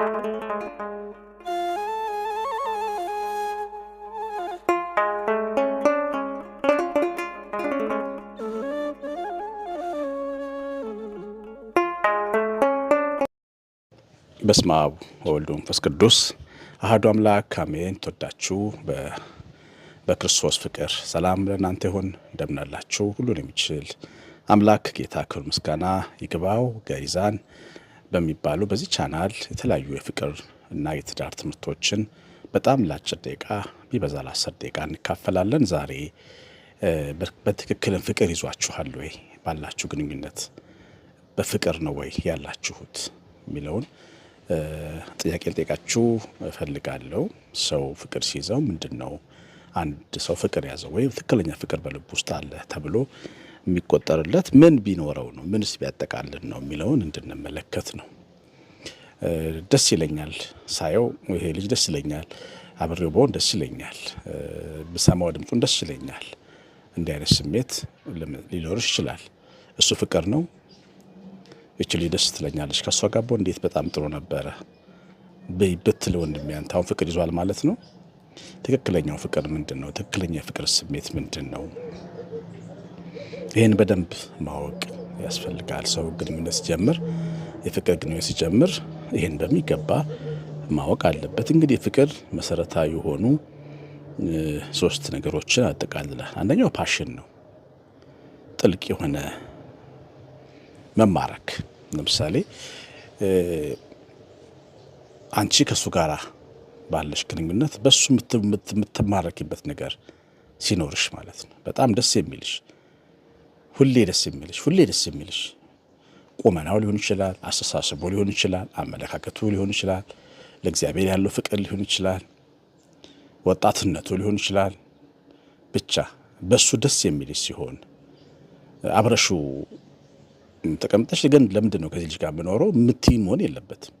በስመ አብ ወወልድ ወመንፈስ ቅዱስ አሐዱ አምላክ አሜን። ተወዳችሁ በክርስቶስ ፍቅር ሰላም ለእናንተ ይሁን። እንደምናላችሁ ሁሉን የሚችል አምላክ ጌታ ክብር ምስጋና ይግባው። ገሪዛን በሚባለው በዚህ ቻናል የተለያዩ የፍቅር እና የትዳር ትምህርቶችን በጣም ለአጭር ደቂቃ ቢበዛ ለአስር ደቂቃ እንካፈላለን። ዛሬ በትክክልን ፍቅር ይዟችኋል ወይ? ባላችሁ ግንኙነት በፍቅር ነው ወይ ያላችሁት የሚለውን ጥያቄ ልጠይቃችሁ እፈልጋለሁ። ሰው ፍቅር ሲይዘው ምንድን ነው? አንድ ሰው ፍቅር ያዘው ወይም ትክክለኛ ፍቅር በልብ ውስጥ አለ ተብሎ የሚቆጠርለት ምን ቢኖረው ነው፣ ምንስ ቢያጠቃልል ነው የሚለውን እንድንመለከት ነው። ደስ ይለኛል ሳየው፣ ይሄ ልጅ ደስ ይለኛል፣ አብሬው በሆን ደስ ይለኛል፣ ብሰማው ድምፁን ደስ ይለኛል። እንዲህ አይነት ስሜት ሊኖርሽ ይችላል። እሱ ፍቅር ነው። እች ልጅ ደስ ትለኛለች፣ ከእሷ ጋር በሆን እንዴት በጣም ጥሩ ነበረ ብትል ወንድሜ፣ አንተ አሁን ፍቅር ይዟል ማለት ነው። ትክክለኛው ፍቅር ምንድን ነው? ትክክለኛ የፍቅር ስሜት ምንድን ነው? ይህን በደንብ ማወቅ ያስፈልጋል። ሰው ግንኙነት ሲጀምር የፍቅር ግንኙነት ሲጀምር ይህን በሚገባ ማወቅ አለበት። እንግዲህ ፍቅር መሰረታዊ የሆኑ ሶስት ነገሮችን አጠቃልላል። አንደኛው ፓሽን ነው፣ ጥልቅ የሆነ መማረክ። ለምሳሌ አንቺ ከእሱ ጋር ባለሽ ግንኙነት በሱ የምትማረኪበት ነገር ሲኖርሽ ማለት ነው በጣም ደስ የሚልሽ ሁሌ ደስ የሚልሽ ሁሌ ደስ የሚልሽ ቁመናው ሊሆን ይችላል፣ አስተሳሰቡ ሊሆን ይችላል፣ አመለካከቱ ሊሆን ይችላል፣ ለእግዚአብሔር ያለው ፍቅር ሊሆን ይችላል፣ ወጣትነቱ ሊሆን ይችላል። ብቻ በሱ ደስ የሚልሽ ሲሆን አብረሹ ተቀምጠሽ ግን ለምንድን ነው ከዚህ ልጅ ጋር የምኖረው ምትይ መሆን የለበትም።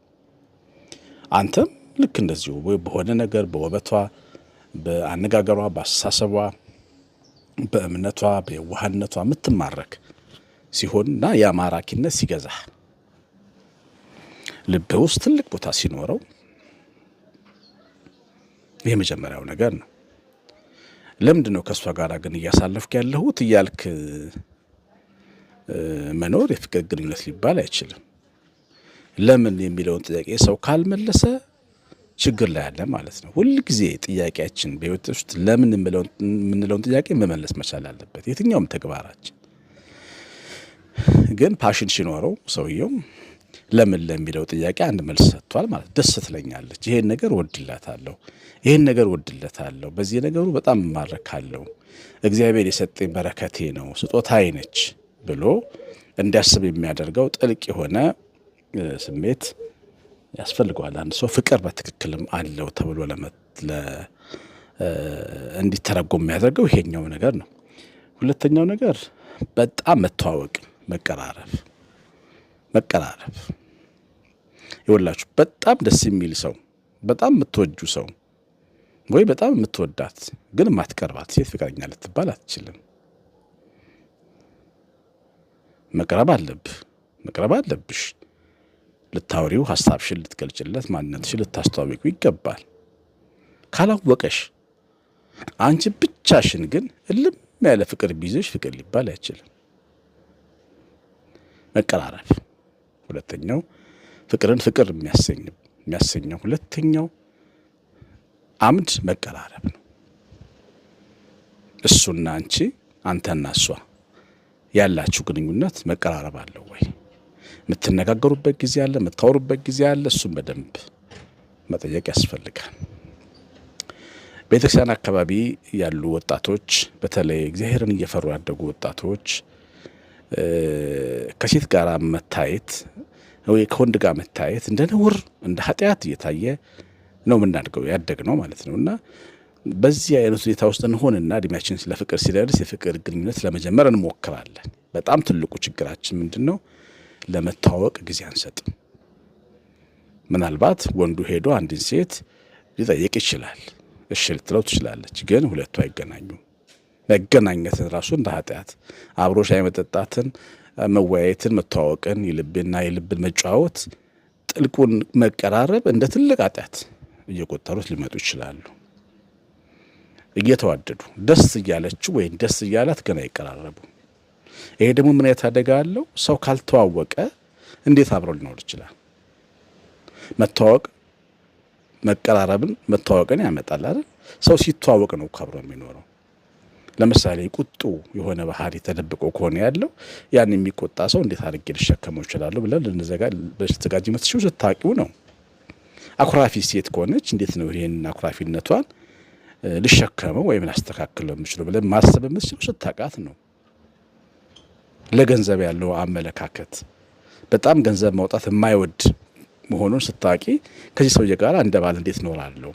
አንተም ልክ እንደዚሁ በሆነ ነገር በውበቷ፣ በአነጋገሯ፣ በአስተሳሰቧ በእምነቷ በየዋህነቷ የምትማረክ እና ያ ማራኪነት ሲገዛ ልብ ውስጥ ትልቅ ቦታ ሲኖረው የመጀመሪያው ነገር ነው። ለምንድን ነው ከእሷ ጋር ግን እያሳለፍክ ያለሁት እያልክ መኖር የፍቅር ግንኙነት ሊባል አይችልም። ለምን የሚለውን ጥያቄ ሰው ካልመለሰ ችግር ላይ ያለ ማለት ነው። ሁልጊዜ ጥያቄያችን በህይወት ውስጥ ለምን የምንለውን ጥያቄ መመለስ መቻል አለበት። የትኛውም ተግባራችን ግን ፓሽን ሲኖረው ሰውየው ለምን ለሚለው ጥያቄ አንድ መልስ ሰጥቷል ማለት ደስ ትለኛለች፣ ይሄን ነገር ወድላታለሁ፣ ይሄን ነገር ወድለታለሁ፣ በዚህ ነገሩ በጣም እማረካለሁ፣ እግዚአብሔር የሰጠኝ በረከቴ ነው፣ ስጦታዬ ነች ብሎ እንዲያስብ የሚያደርገው ጥልቅ የሆነ ስሜት ያስፈልገዋል። አንድ ሰው ፍቅር በትክክልም አለው ተብሎ እንዲተረጎም የሚያደርገው ይሄኛው ነገር ነው። ሁለተኛው ነገር በጣም መተዋወቅ፣ መቀራረብ መቀራረብ ይወላችሁ በጣም ደስ የሚል ሰው በጣም የምትወጁ ሰው ወይ በጣም የምትወዳት ግን ማትቀርባት ሴት ፍቅረኛ ልትባል አትችልም። መቅረብ አለብህ፣ መቅረብ አለብሽ። ልታወሪው ሀሳብሽን ልትገልጭለት፣ ማንነትሽን ልታስተዋውቁ ይገባል። ካላወቀሽ አንቺ ብቻሽን ግን እልም ያለ ፍቅር ቢይዘሽ ፍቅር ሊባል አይችልም። መቀራረብ ሁለተኛው ፍቅርን ፍቅር የሚያሰኘው ሁለተኛው አምድ መቀራረብ ነው። እሱና አንቺ አንተና እሷ ያላችሁ ግንኙነት መቀራረብ አለው ወይ? የምትነጋገሩበት ጊዜ አለ፣ የምታወሩበት ጊዜ አለ። እሱም በደንብ መጠየቅ ያስፈልጋል። ቤተክርስቲያን አካባቢ ያሉ ወጣቶች በተለይ እግዚአብሔርን እየፈሩ ያደጉ ወጣቶች ከሴት ጋር መታየት ወይ ከወንድ ጋር መታየት እንደ ነውር እንደ ኃጢአት እየታየ ነው የምናድገው ያደግ ነው ማለት ነው። እና በዚህ አይነት ሁኔታ ውስጥ እንሆንና እድሜያችን ለፍቅር ሲደርስ የፍቅር ግንኙነት ለመጀመር እንሞክራለን። በጣም ትልቁ ችግራችን ምንድን ነው? ለመተዋወቅ ጊዜ አንሰጥም። ምናልባት ወንዱ ሄዶ አንድን ሴት ሊጠየቅ ይችላል። እሺ ልትለው ትችላለች፣ ግን ሁለቱ አይገናኙም። መገናኘትን ራሱ እንደ ኃጢአት አብሮ ሻይ መጠጣትን፣ መወያየትን፣ መተዋወቅን፣ የልብና የልብን መጫወት፣ ጥልቁን መቀራረብ እንደ ትልቅ ኃጢአት እየቆጠሩት ሊመጡ ይችላሉ። እየተዋደዱ ደስ እያለችው ወይም ደስ እያላት ገና ይቀራረቡ። ይሄ ደግሞ ምን አይነት አደጋ አለው? ሰው ካልተዋወቀ እንዴት አብሮ ሊኖር ይችላል? መተዋወቅ መቀራረብን መተዋወቅን ያመጣል አይደል? ሰው ሲተዋወቅ ነው አብሮ የሚኖረው። ለምሳሌ ቁጡ የሆነ ባህሪ ተደብቆ ከሆነ ያለው ያን የሚቆጣ ሰው እንዴት አድርጌ ልሸከመው ይችላሉ ብለን ልንዘጋጅ መትሽው ስታቂው ነው። አኩራፊ ሴት ከሆነች እንዴት ነው ይሄን አኩራፊነቷን ልሸከመው ወይም ላስተካክለው የምችለው ብለን ማሰብ የምትችለው ስታቃት ነው። ለገንዘብ ያለው አመለካከት በጣም ገንዘብ ማውጣት የማይወድ መሆኑን ስታቂ ከዚህ ሰውዬ ጋር እንደ ባል እንዴት እኖራለሁ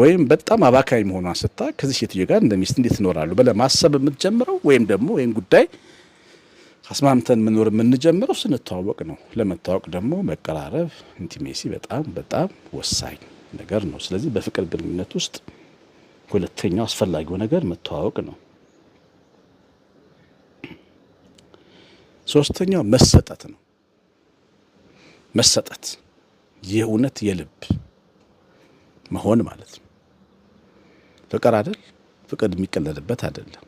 ወይም በጣም አባካኝ መሆኗን ስታ ከዚህ ሴትዮ ጋር እንደ ሚስት እንዴት እኖራለሁ ብለህ ማሰብ የምትጀምረው ወይም ደግሞ ወይም ጉዳይ አስማምተን መኖር የምንጀምረው ስንተዋወቅ ነው። ለመታወቅ ደግሞ መቀራረብ፣ ኢንቲሜሲ በጣም በጣም ወሳኝ ነገር ነው። ስለዚህ በፍቅር ግንኙነት ውስጥ ሁለተኛው አስፈላጊው ነገር መተዋወቅ ነው። ሶስተኛው መሰጠት ነው። መሰጠት የእውነት የልብ መሆን ማለት ነው። ፍቅር አይደል? ፍቅር የሚቀለድበት አይደለም።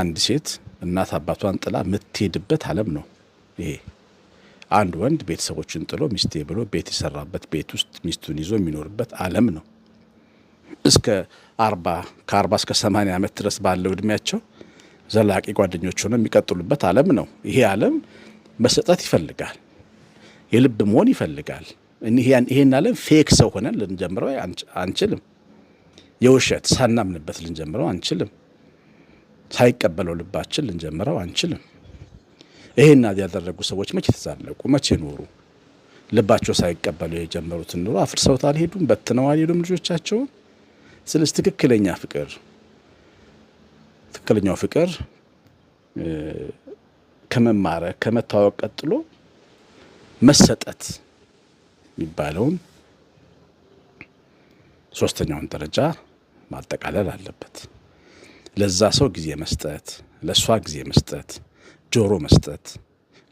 አንድ ሴት እናት አባቷን ጥላ የምትሄድበት ዓለም ነው ይሄ። አንድ ወንድ ቤተሰቦችን ጥሎ ሚስቴ ብሎ ቤት የሰራበት ቤት ውስጥ ሚስቱን ይዞ የሚኖርበት ዓለም ነው። እስከ አርባ ከአርባ እስከ ሰማንያ ዓመት ድረስ ባለው እድሜያቸው ዘላቂ ጓደኞች ሆነው የሚቀጥሉበት ዓለም ነው። ይሄ ዓለም መሰጠት ይፈልጋል፣ የልብ መሆን ይፈልጋል። ይሄን ዓለም ፌክ ሰው ሆነን ልንጀምረው አንችልም። የውሸት ሳናምንበት ልንጀምረው አንችልም። ሳይቀበለው ልባችን ልንጀምረው አንችልም። ይሄና ያደረጉ ሰዎች መቼ ተዛለቁ? መቼ ኖሩ? ልባቸው ሳይቀበሉ የጀመሩትን ኑሮ አፍርሰውት አልሄዱም። በትነው አልሄዱም ልጆቻቸውን። ስለዚህ ትክክለኛ ፍቅር ትክክለኛው ፍቅር ከመማረክ ከመታወቅ ቀጥሎ መሰጠት የሚባለውን ሶስተኛውን ደረጃ ማጠቃለል አለበት። ለዛ ሰው ጊዜ መስጠት፣ ለእሷ ጊዜ መስጠት፣ ጆሮ መስጠት፣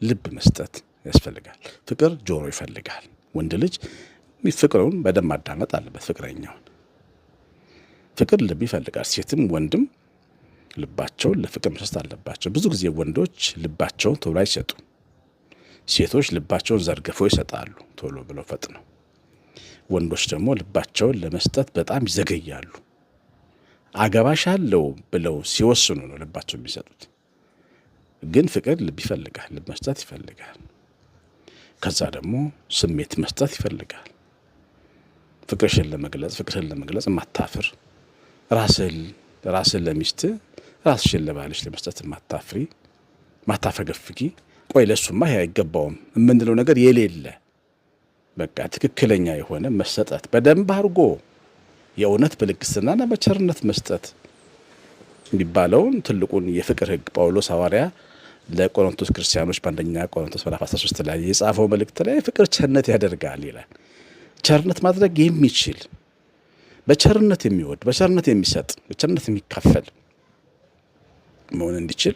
ልብ መስጠት ያስፈልጋል። ፍቅር ጆሮ ይፈልጋል። ወንድ ልጅ ፍቅሩን በደንብ ማዳመጥ አለበት። ፍቅረኛውን ፍቅር ልብ ይፈልጋል። ሴትም ወንድም ልባቸውን ለፍቅር መስጠት አለባቸው። ብዙ ጊዜ ወንዶች ልባቸውን ቶሎ አይሰጡ፣ ሴቶች ልባቸውን ዘርግፈው ይሰጣሉ ቶሎ ብለው ፈጥነው። ወንዶች ደግሞ ልባቸውን ለመስጠት በጣም ይዘገያሉ። አገባሽ አለው ብለው ሲወስኑ ነው ልባቸው የሚሰጡት። ግን ፍቅር ልብ ይፈልጋል፣ ልብ መስጠት ይፈልጋል። ከዛ ደግሞ ስሜት መስጠት ይፈልጋል። ፍቅርሽን ለመግለጽ ፍቅርሽን ለመግለጽ ማታፍር ራስህን ራስን ለሚስት ራስሽን ለባልሽ ለመስጠት ማታፍሪ ማታፈገፍጊ፣ ቆይ ለሱማ አይገባውም የምንለው ነገር የሌለ በቃ ትክክለኛ የሆነ መሰጠት በደንብ አድርጎ የእውነት በልግስናና በቸርነት መስጠት የሚባለውን ትልቁን የፍቅር ሕግ ጳውሎስ ሐዋርያ ለቆሮንቶስ ክርስቲያኖች በአንደኛ ቆሮንቶስ ምዕራፍ 13 ላይ የጻፈው መልእክት ላይ ፍቅር ቸርነት ያደርጋል ይላል። ቸርነት ማድረግ የሚችል በቸርነት የሚወድ በቸርነት የሚሰጥ በቸርነት የሚካፈል መሆን እንዲችል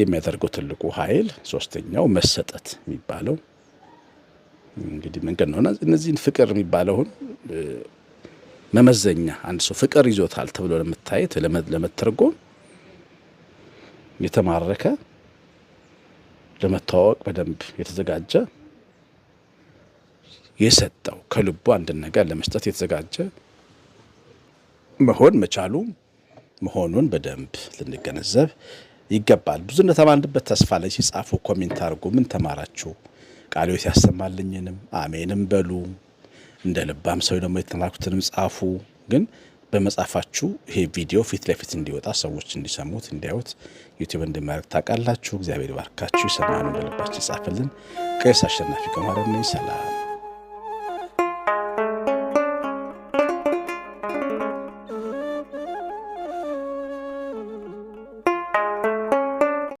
የሚያደርገው ትልቁ ኃይል ሶስተኛው መሰጠት የሚባለው እንግዲህ መንገድ ነው እና እነዚህን ፍቅር የሚባለውን መመዘኛ አንድ ሰው ፍቅር ይዞታል ተብሎ ለመታየት ለመተርጎም የተማረከ ለመተዋወቅ በደንብ የተዘጋጀ የሰጠው ከልቡ አንድን ነገር ለመስጠት የተዘጋጀ መሆን መቻሉ መሆኑን በደንብ ልንገነዘብ ይገባል። ብዙ እንደተማንበት ተስፋ ላይ ሲጻፉ ኮሜንት አድርጉ። ምን ተማራችሁ? ቃል ሕይወት ያሰማልኝንም አሜንም በሉ። እንደ ልባም ሰው ደግሞ የተማርኩትንም ጻፉ። ግን በመጻፋችሁ ይሄ ቪዲዮ ፊት ለፊት እንዲወጣ ሰዎች እንዲሰሙት እንዲያዩት ዩቲዩብ እንዲማረግ ታውቃላችሁ። እግዚአብሔር ባርካችሁ። ይሰማኑ ልባችን ጻፍልን። ቄስ አሸናፊ ከማረነኝ ሰላም